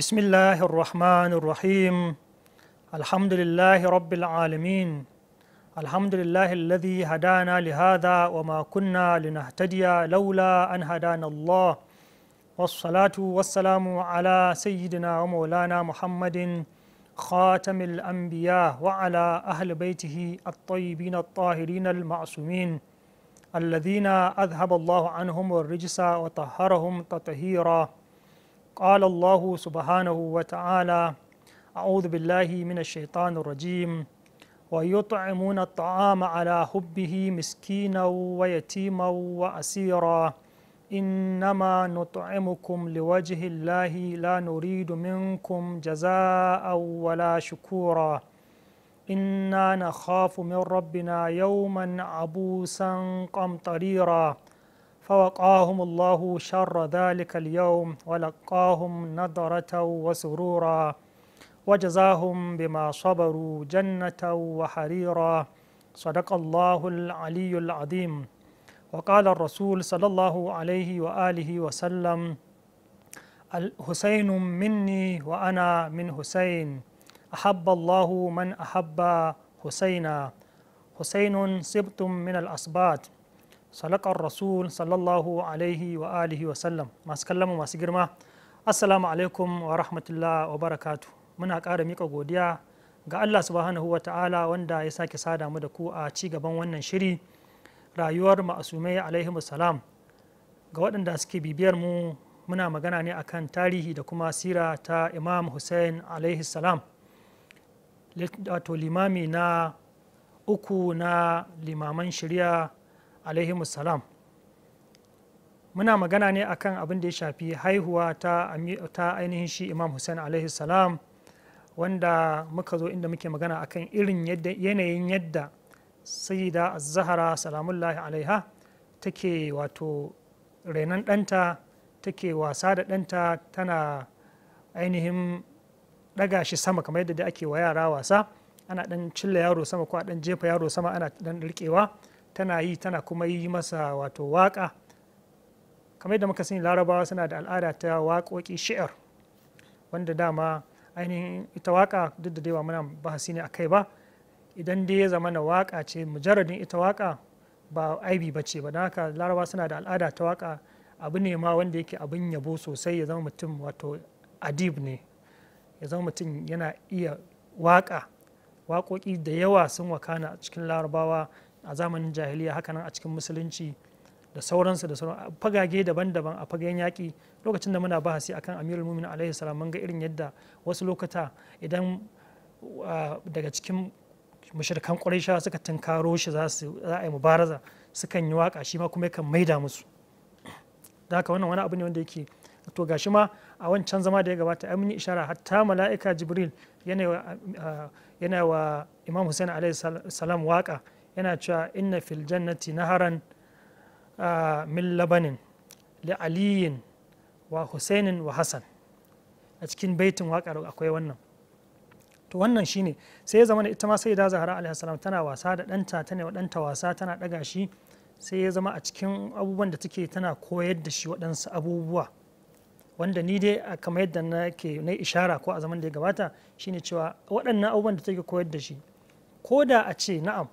بسم الله الرحمن الرحيم الحمد لله رب العالمين الحمد لله الذي هدانا لهذا وما كنا لنهتدي لولا أن هدانا الله والصلاة والسلام على سيدنا ومولانا محمد خاتم الأنبياء وعلى أهل بيته الطيبين الطاهرين المعصومين الذين أذهب الله عنهم الرجس وطهرهم تطهيراً قال الله سبحانه وتعالى أعوذ بالله من الشيطان الرجيم ويطعمون الطعام على حبه مسكينا ويتيما وأسيرا إنما نطعمكم لوجه الله لا نريد منكم جزاء ولا شكورا إنا نخاف من ربنا يوما عبوسا قمطريرا فوقاهم الله شر ذلك اليوم ولقاهم نظرة وسرورا وجزاهم بما صبروا جنة وحريرا صدق الله العلي العظيم وقال الرسول صلى الله عليه وآله وسلم الحسين مني وأنا من حسين أحب الله من أحب حسينا حسين سبت من الأصبات salakar rasul sallallahu alaihi wa alihi wa sallam masu kallon masu girma assalamu alaikum wa rahmatullah wa barakatu muna ƙara miƙa godiya ga allah subhanahu wa ta'ala wanda ya sake sada mu da ku a ci gaban wannan shiri rayuwar ma'asumai alaihi salam ga waɗanda suke bibiyar mu muna magana ne akan tarihi da kuma sira ta imam hussein alaihi salam wato limami na uku na limaman shari'a alaihimussalam muna magana ne akan abin da ya shafi haihuwa ta, ainihin shi imam hussein alaihissalam wanda muka zo inda muke magana akan irin yanayin yadda sayida zahara salamullahi alaiha take wato renon ɗanta take wasa da ɗanta tana ainihin ɗaga shi sama kamar yadda da ake wa yara wasa ana ɗan cilla yaro sama ko a ɗan jefa yaro sama ana dan riƙewa tana yi tana kuma yi masa wato waƙa kamar yadda muka sani larabawa suna da al'ada ta waƙoƙi shi'ar wanda dama ainihin ita waka duk da daiwa muna bahasi ne a kai ba idan dai ya zama na waka ce mujarradin ita waka ba aibi ba ce ba don haka larabawa suna da al'ada ta waka abu ne ma wanda yake abin yabo sosai ya zama mutum wato adib ne ya zama mutum yana iya waƙa waƙoƙi da yawa sun wakana a cikin larabawa a zamanin jahiliya hakanan a cikin musulunci da sauransu da sauran fagage daban-daban a fagen yaƙi lokacin da muna bahasi akan amirul mumin alaihi salam mun ga irin yadda wasu lokuta idan daga cikin mushrikan quraisha suka tunkaro shi za su za a yi mubaraza sukan yi waka shi ma kuma yakan maida musu da haka wannan wani abu ne wanda yake to gashi ma a wancan zama da ya gabata ai mun yi ishara hatta mala'ika jibril yana wa imam hussein alaihi salam waka yana cewa inna fil jannati naharan min labanin li aliyin wa husainin wa hassan a cikin baitin waƙar akwai wannan to wannan shine sai ya zama ita ma sai da zahara alaihi salam tana wasa da ɗanta ta ne ɗanta wasa tana ɗaga shi sai ya zama a cikin abubuwan da take tana koyar da shi waɗansu abubuwa wanda ni dai a kamar yadda na ke na ishara ko a zaman da ya gabata shine cewa waɗannan abubuwan da take koyar da shi ko da a ce na'am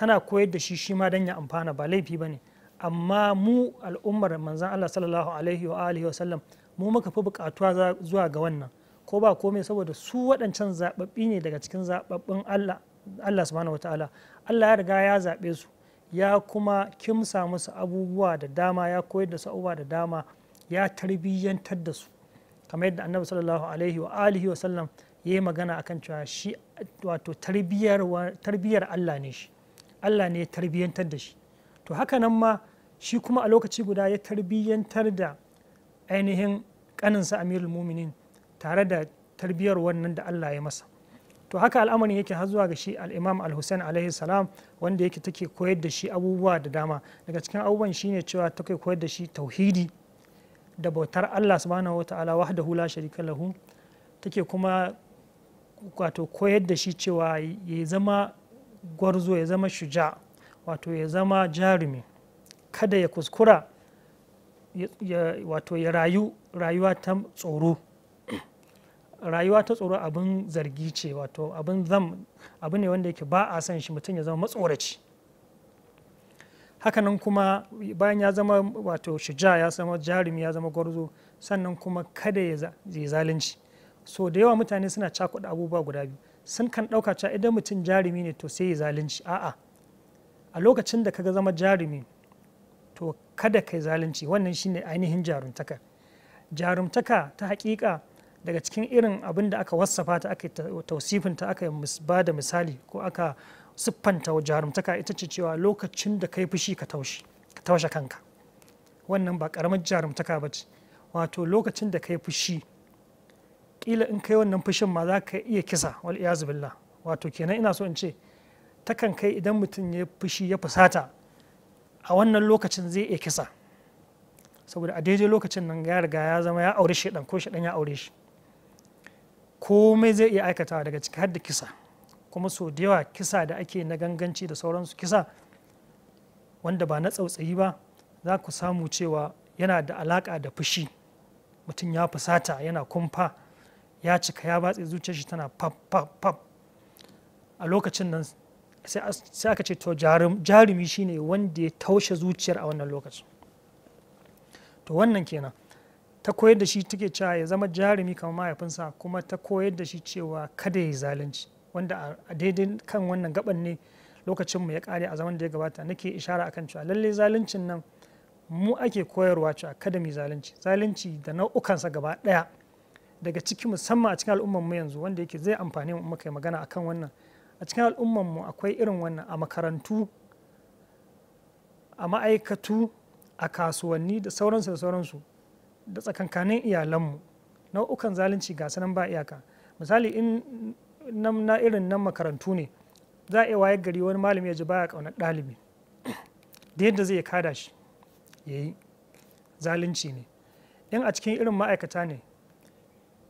tana koyar da shi shi ma dan ya amfana ba laifi ba ne amma mu al'ummar manzan Allah sallallahu alaihi wa alihi wa sallam mu muka fi bukatua zuwa ga wannan ko ba komai saboda su waɗancan zaɓaɓɓi ne daga cikin zaɓaɓɓun Allah Allah subhanahu wataala Allah ya riga ya zaɓe su ya kuma kimsa musu abubuwa da dama ya koyar da su abubuwa da dama ya tarbiyyantar da su kamar yadda annabi sallallahu alaihi wa alihi wa sallam ya yi magana akan cewa shi wato tarbiyyar Allah ne shi Allah ne ya tarbiyyantar da shi to haka nan ma shi kuma a lokaci guda ya tarbiyyantar da ainihin kaninsa amirul muminin tare da tarbiyar wannan da Allah ya masa to haka al'amarin yake har zuwa ga shi al'imam al-hussein alaihi salam wanda yake take koyar da shi abubuwa da dama daga cikin abubuwan shine cewa take koyar da shi tauhidi da bautar Allah subhanahu wa ta'ala wahdahu la sharika lahu take kuma wato koyar da shi cewa ya zama gwarzo ya zama shuja wato ya zama jarumi kada ya kuskura wato ya rayu rayuwa ta tsoro rayuwa ta tsoro abin zargi ce wato abin zam abu ne wanda yake ba a san shi mutum ya zama matsoraci hakanan kuma bayan ya zama wato shuja ya zama jarumi ya zama gwarzo sannan kuma kada ya zalunci so da yawa mutane suna cakuɗa abubuwa guda biyu sun kan ɗauka cewa idan mutum jarumi ne to sai ya zalunci a'a a lokacin da kaga zama jarumi to kada kai zalunci wannan shine ainihin jarumtaka jarumtaka ta hakika daga cikin irin abin da aka wassafa ta aka tausifin ta aka ba da misali ko aka siffanta jarumtaka ita ce cewa lokacin da kai fushi ka taushe kanka wannan ba karamar jarumtaka ba ce wato lokacin da kai fushi kila in kai wannan fushin ma za ka iya kisa wal iyazu billah wato kenan ina so in ce takan kai idan mutum ya fushi ya fusata a wannan lokacin zai iya kisa saboda a daidai lokacin nan ya riga ya zama ya aure shi ko shi ya aure shi komai zai iya aikatawa daga ciki har da kisa kuma so da yawa kisa da ake na ganganci da sauransu kisa wanda ba na tsautsayi ba za ku samu cewa yana da alaka da fushi mutum ya fusata yana kumfa ya cika ya batse zuciyar shi tana fab fab fab a lokacin nan sai aka ce to jarumi shine wanda ya taushe zuciyar a wannan lokacin to wannan kenan ta koyar da shi take cewa ya zama jarumi kamar mahaifinsa kuma ta koyar da shi cewa kada ya yi zalunci wanda a daidai kan wannan gaban ne lokacin mu ya kare a zaman da ya gabata nake ishara akan cewa lalle zaluncin nan mu ake koyarwa cewa kada mu zalunci zalunci da nau'ukansa gaba daya daga ciki musamman a cikin al'ummar mu yanzu wanda yake zai amfani mu kai magana kan wannan a cikin al'ummar mu akwai irin wannan a makarantu a ma'aikatu a kasuwanni da sauransu da sauransu da tsakankanin iyalanmu nau'ukan zalunci ga sanan ba iyaka misali in na irin nan makarantu ne za a iya wayar gari wani malami ya ji baya kaunar ɗalibi da yadda zai kada shi ya yi zalunci ne in a cikin irin ma'aikata ne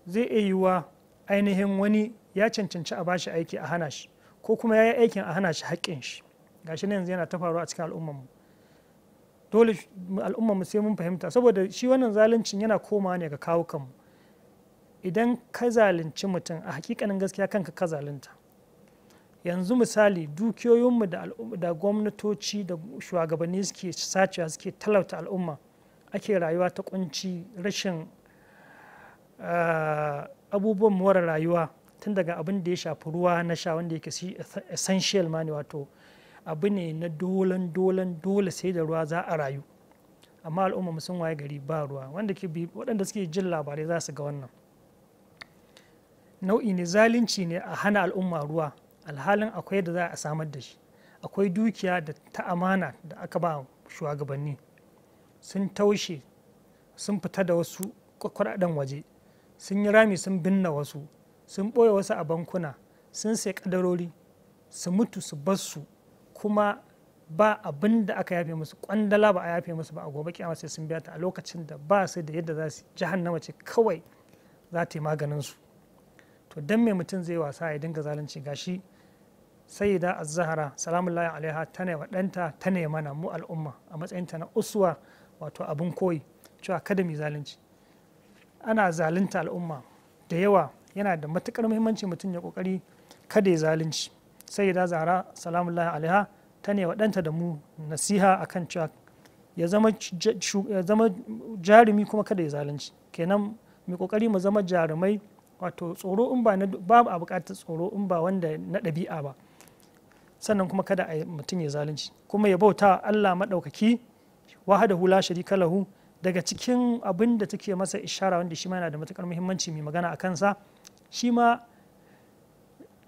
zai iya yiwuwa ainihin wani ya cancanci a bashi aiki a hana shi ko kuma ya yi aikin a hana shi haƙƙin shi gashi ne yanzu yana ta faruwa a cikin al'ummanmu dole al'ummanmu sai mun fahimta saboda shi wannan zaluncin yana komawa ne ga kawo kanmu idan ka zalunci mutum a hakikanin gaskiya kanka ka zalunta yanzu misali dukiyoyinmu da gwamnatoci da shugabanni suke sacewa suke talauta al'umma ake rayuwa ta kunci rashin Ah, abubuwan more rayuwa tun daga abin da ya shafi ruwa na sha wanda yake shi essential ma ne wato abu ne na dolan dolan dole sai da ruwa za a rayu amma al'umma sun waye gari ba ruwa wanda ke bi waɗanda suke jin labarai za su ga wannan nau'i ne zalunci ne a hana al'umma ruwa alhalin akwai da za a samar da shi akwai dukiya da ta amana da aka ba shugabanni sun taushe sun fita da wasu kuɗaɗen waje sun yi rami sun binne wasu sun ɓoye wasu a bankuna sun sai kadarori su mutu su bar su kuma ba abin da aka yafe musu kwandala ba a yafe musu ba a gobe kiyama sai sun biya ta a lokacin da ba su da yadda za su jahannama ce kawai za ta yi maganin su to dan mai mutum zai wasa ya dinga zalunci gashi sayyida az-zahra salamullahi alaiha ta ne wadanta ta ne mana mu al'umma a matsayin ta na uswa wato abin koyi cewa kada mu zalunci ana zalunta al'umma da yawa yana da matukar muhimmanci mutum ya kokari kada ya zalunci sai da zara salamullahi alaiha ta ne waɗanta da mu nasiha akan cewa ya zama jarumi kuma kada ya zalunci kenan mai kokari mu zama jarumai wato tsoro in ba babu a bukatar tsoro in ba wanda na ɗabi'a ba sannan kuma kada a mutum ya zalunci kuma ya bauta Allah maɗaukaki wahada hula sharika lahu daga cikin abin da take masa ishara wanda shi ma yana da matukar muhimmanci mai magana a kansa shi ma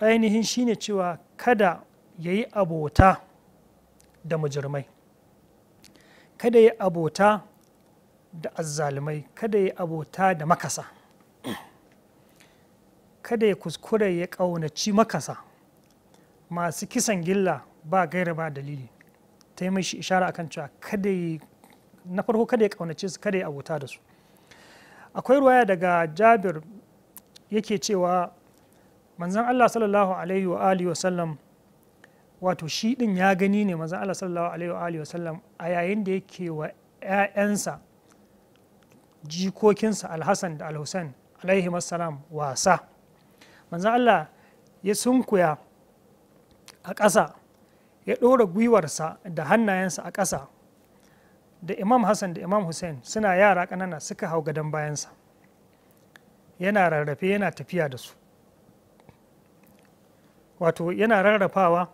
ainihin shine cewa kada ya yi abota da mujirmai kada ya yi abota da azzalumai kada ya yi abota da makasa kada ya kuskure ya ƙaunaci makasa masu kisan gilla ba gaira ba dalili ta yi shi ishara akan cewa kada ya na farko kada ya kaunace su kada ya abuta da su akwai ruwaya daga jabir yake cewa manzan Allah sallallahu alaihi wa alihi wa sallam wato shi din ya gani ne manzan Allah sallallahu alaihi wa alihi wa sallam a yayin da yake wa ƴaƴansa jikokinsa alhassan da alhussein alaihi wassalam wasa manzan Allah ya sunkuya a ƙasa ya ɗora gwiwarsa da hannayensa a ƙasa da imam hassan da imam hussein suna yara ƙanana suka hau gadon bayansa yana rarrafe yana tafiya da su wato yana rarrafawa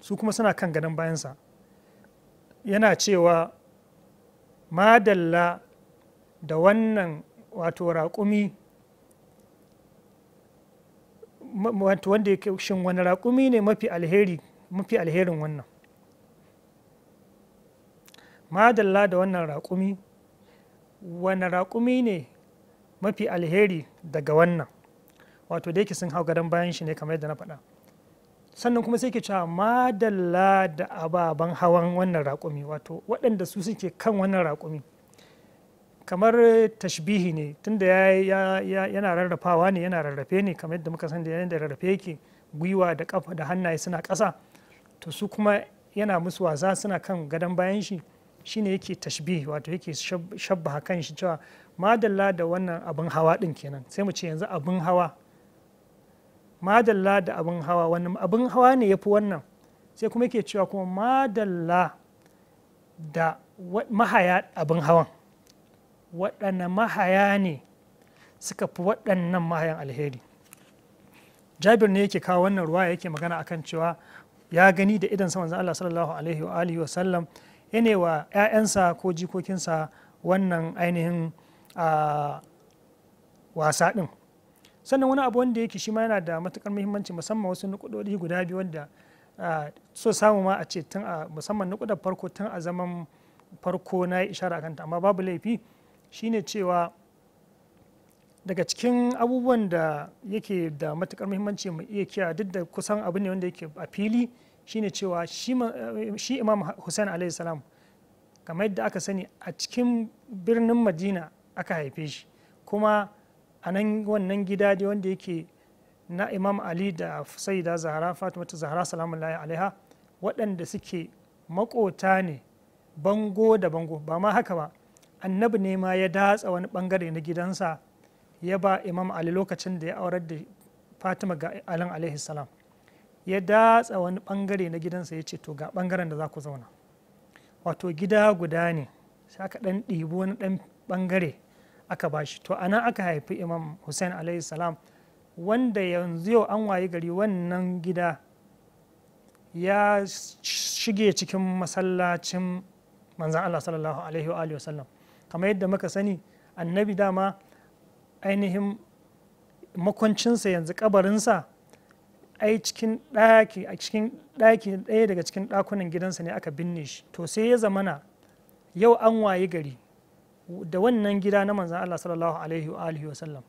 su kuma suna kan gadon bayansa yana cewa madalla da wannan wato raƙumi wanda ya shin wani raƙumi ne mafi alherin wannan madalla da wannan raƙumi wani raƙumi ne mafi alheri daga wannan wato da yake sun hau gadon bayan shi ne kamar yadda na faɗa sannan kuma sai ke cewa madalla da ababen hawan wannan raƙumi wato waɗanda su suke kan wannan raƙumi kamar tashbihi ne tunda yana rarrafawa ne yana rarrafe ne kamar yadda muka san da yadda rarrafe yake gwiwa da kafa da hannaye suna ƙasa to su kuma yana musu wasa suna kan gadon bayan shi shine yake tashbih wato yake shabbaha kan shi cewa madalla da wannan abin hawa din kenan sai mu ce yanzu abin hawa madalla da abin hawa wannan abin hawa ne yafi wannan sai kuma yake cewa kuma madalla da mahaya abin hawan waɗanne mahaya ne suka fi waɗannan mahayan alheri jabir ne yake kawo wannan ruwa yake magana akan cewa ya gani da idan sa manzon Allah sallallahu alaihi wa alihi wa sallam yane wa 'ya'yansa ko jikokinsa wannan ainihin wasa ɗin sannan wani abu wanda yake shi ma yana da matukar muhimmanci musamman wasu nukudodi guda biyu wanda so samu ma a ce tun a musamman nukudar farko tun a zaman farko na yi ishara kanta amma babu laifi shine cewa daga cikin abubuwan da yake da matukar muhimmanci mu iya kiya duk da kusan abu ne wanda yake a fili shine cewa shi imam hussein alaihi salam kamar yadda aka sani a cikin birnin madina aka haife shi kuma a nan wannan gida dai wanda yake na imam ali da saida zahara fatimatu zahara salamun layi alaiha waɗanda suke makota ne bango da bango ba ma haka ba annabi ne ma ya datsa wani bangare na gidansa ya ba imam ali lokacin da ya aurar da fatima ga alin alaihi salam ya datsa wani bangare na gidansa ya ce to ga bangaren da za ku zauna wato gida guda ne sai aka dan ɗibi wani dan bangare aka bashi to ana aka haifi imam hussein alayhi salam wanda yanzu yau an wayi gari wannan gida ya shige cikin masallacin manzan allah sallallahu alaihi wa wasallam kamar yadda muka sani annabi dama ainihin makwancinsa yanzu kabarinsa ai cikin ɗaki a cikin ɗaki ɗaya daga cikin ɗakunan gidansa ne aka binne shi to sai ya zamana yau an wayi gari da wannan gida na manzan Allah sallallahu alaihi wa alihi wa sallam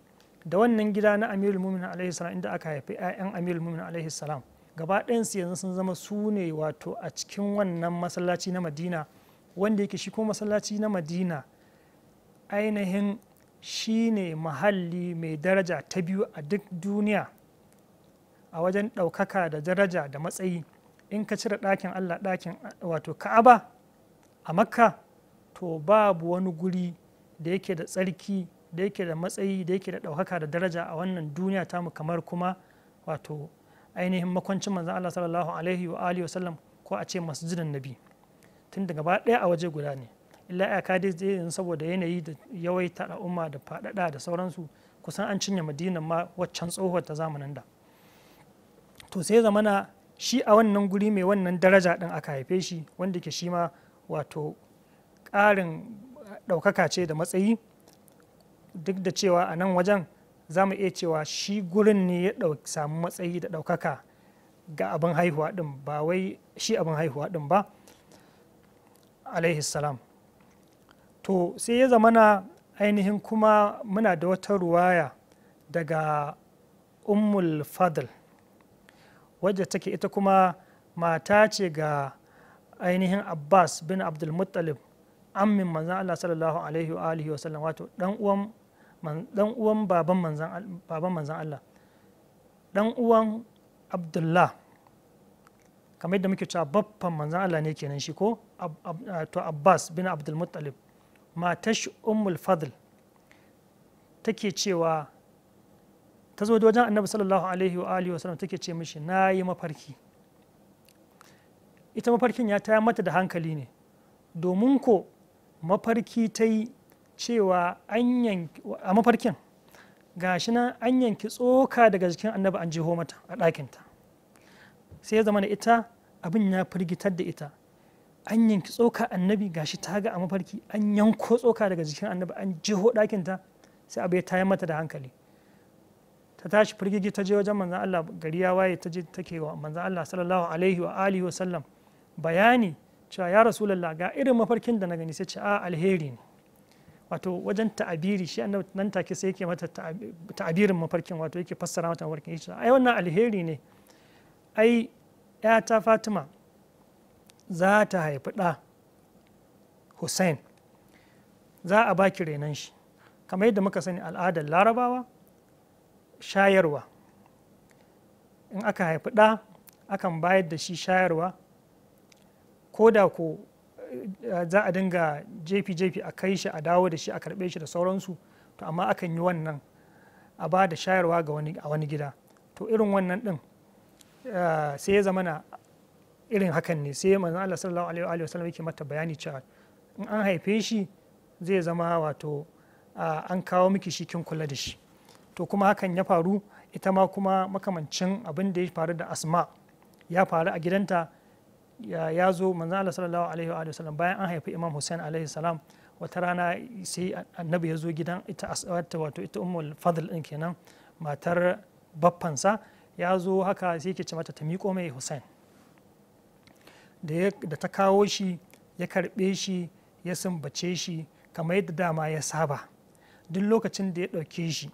da wannan gida na Amirul mu'minin alaihi salam inda aka haifi ƴaƴan Amirul mu'minin alaihi salam gaba ɗayansu yanzu sun zama su ne wato a cikin wannan masallaci na Madina wanda yake shi ko masallaci na Madina ainihin shi ne mahalli mai daraja ta biyu a duk duniya a wajen ɗaukaka da daraja da matsayi in ka cire ɗakin allah ɗakin wato ka'aba a makka to babu wani guri da yake da tsarki da yake da matsayi da yake da ɗaukaka da daraja a wannan duniya ta mu kamar kuma wato ainihin makwancin manzan allah sallallahu alaihi wa alihi wasallam ko a ce masjidan nabi tun da gaba ɗaya a waje guda ne illa a dai yanzu saboda yanayi da yawaita al'umma da faɗaɗa da sauransu kusan an cinye madinan ma waccan tsohuwar ta zamanin da to sai zamana shi a wannan guri mai wannan daraja ɗin aka haife shi wanda ke shi ma wato ƙarin ɗaukaka ce da matsayi duk da cewa a nan wajen za mu iya cewa shi gurin ne ya samu matsayi da ɗaukaka ga abin haihuwa ɗin ba wai shi abin haihuwa ɗin ba alaihi to sai ya zama na ainihin kuma muna da wata ruwaya daga ummul fadl wadda take ita kuma mata ce ga ainihin abbas bin abdulmuttalib ammin manzan allah sallallahu alaihi wa alihi wa sallam wato dan uwan dan uwan baban manzan allah dan uwan abdullah kamar yadda muke cewa baffan manzan allah ne kenan shi ko to abbas bin abdulmuttalib matashi ummul fadl take cewa ta zo wajen annabi sallallahu alaihi wa alihi wasallam take ce mishi na yi mafarki ita mafarkin ya taya mata da hankali ne domin ko mafarki ta yi cewa a mafarkin gashi nan an yanki tsoka daga jikin annabi an jiho mata a ɗakinta sai ya zama da ita abin ya firgitar da ita an yanki tsoka annabi gashi ta ga a mafarki an yanko tsoka daga jikin annabi an jiho ɗakinta sai abu ya taya mata da hankali ta tashi firgigi ta je wajen manzan Allah gari ya waye ta je take wa manzan Allah sallallahu alaihi wa alihi wa sallam bayani cewa ya rasulullah ga irin mafarkin da na gani sai ce a alheri ne wato wajen ta'abiri shi nan take sai yake mata ta'abirin mafarkin wato yake fassara mata mafarkin shi ai wannan alheri ne ai ta Fatima za ta haifi ɗa Hussein za a baki renon shi kamar yadda muka sani al'adar larabawa shayarwa in aka haifi ɗa akan bayar da shi shayarwa ko da ko eh, za a dinga jefi-jefi a kai shi a dawo da shi a karɓe shi da sauransu to amma akan yi wannan a ba da shayarwa a wani gida to irin wannan ɗin eh, sai ya zama na irin hakan ne sai manzon Allah sallallahu alaihi wa sallam yake mata bayani cewa in an haife shi zai zama wato eh, an kawo miki shi kin kula da shi to kuma hakan ya faru ita ma kuma makamancin abin da ya faru da asma ya faru a gidanta ya zo manzan Allah sallallahu alaihi wa sallam bayan an haifi Imam Hussein alaihi salam wata rana sai annabi ya zo gidan ita aswata wato ita ummul fadl din kenan matar baffansa ya zo haka sai ke ce mata ta miƙo mai Hussein da ta kawo shi ya karɓe shi ya sumbace shi kamar yadda dama ya saba duk lokacin da ya ɗauke shi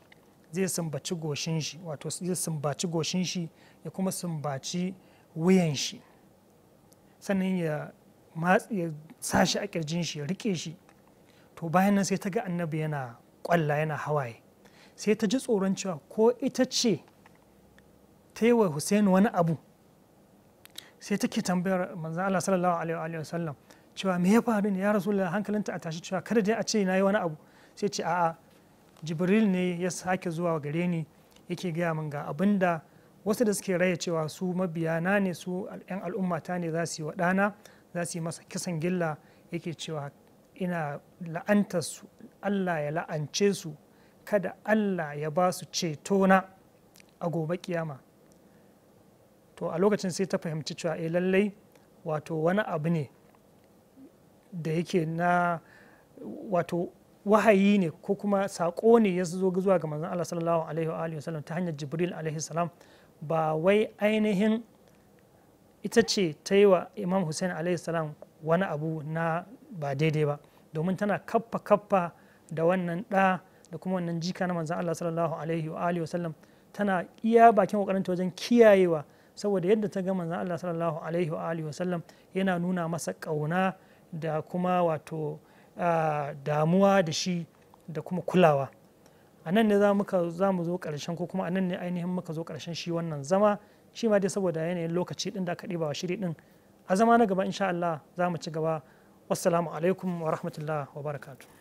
zai sumbaci goshin shi wato zai sumbaci goshin shi ya kuma sumbaci wuyan shi sannan ya sa shi a kirjin shi ya rike shi to bayan nan sai ta ga annabi yana kwalla yana hawaye sai ta ji tsoron cewa ko ita ce ta yi wa Hussein wani abu sai take tambayar manzan Allah sallallahu alaihi wa sallam cewa me ya faru ne ya rasu da hankalinta a tashi cewa kada dai a ce na yi wani abu sai ce a'a jibril ne ya sake zuwa gare ni yake gaya min ga abin da wasu da suke raya cewa su mabiyana ne su 'yan al'ummata ne za su yi wa ɗana za su yi masa kisan gilla yake cewa ina la'antar su allah ya la'ance su kada allah ya ba su cetona a gobe kiyama to a lokacin sai ta fahimci cewa eh lallai wato wani abu ne da yake na wato wahayi ne ko kuma saƙo ne ya zo zuwa ga manzon Allah sallallahu alaihi wa alihi ta hanyar Jibril alaihi salam ba wai ainihin ita ce ta yi wa Imam Hussein alaihi salam wani abu na ba daidai ba domin tana kaffa kaffa da wannan ɗa da kuma wannan jika na manzon Allah sallallahu alaihi wa alihi tana iya bakin kokarin ta wajen kiyayewa saboda yadda ta ga manzon Allah sallallahu alaihi wa alihi yana nuna masa ƙauna da kuma wato damuwa da shi da kuma kulawa a nan ne za mu zo ƙarshen ko kuma a nan ne ainihin muka zo karshen shi wannan zama shi ma dai saboda yanayin lokaci ɗin da aka ɗiba wa shiri ɗin a zama na gaba insha Allah za mu ci gaba wassalamu alaikum wa rahmatullah wa barakatuh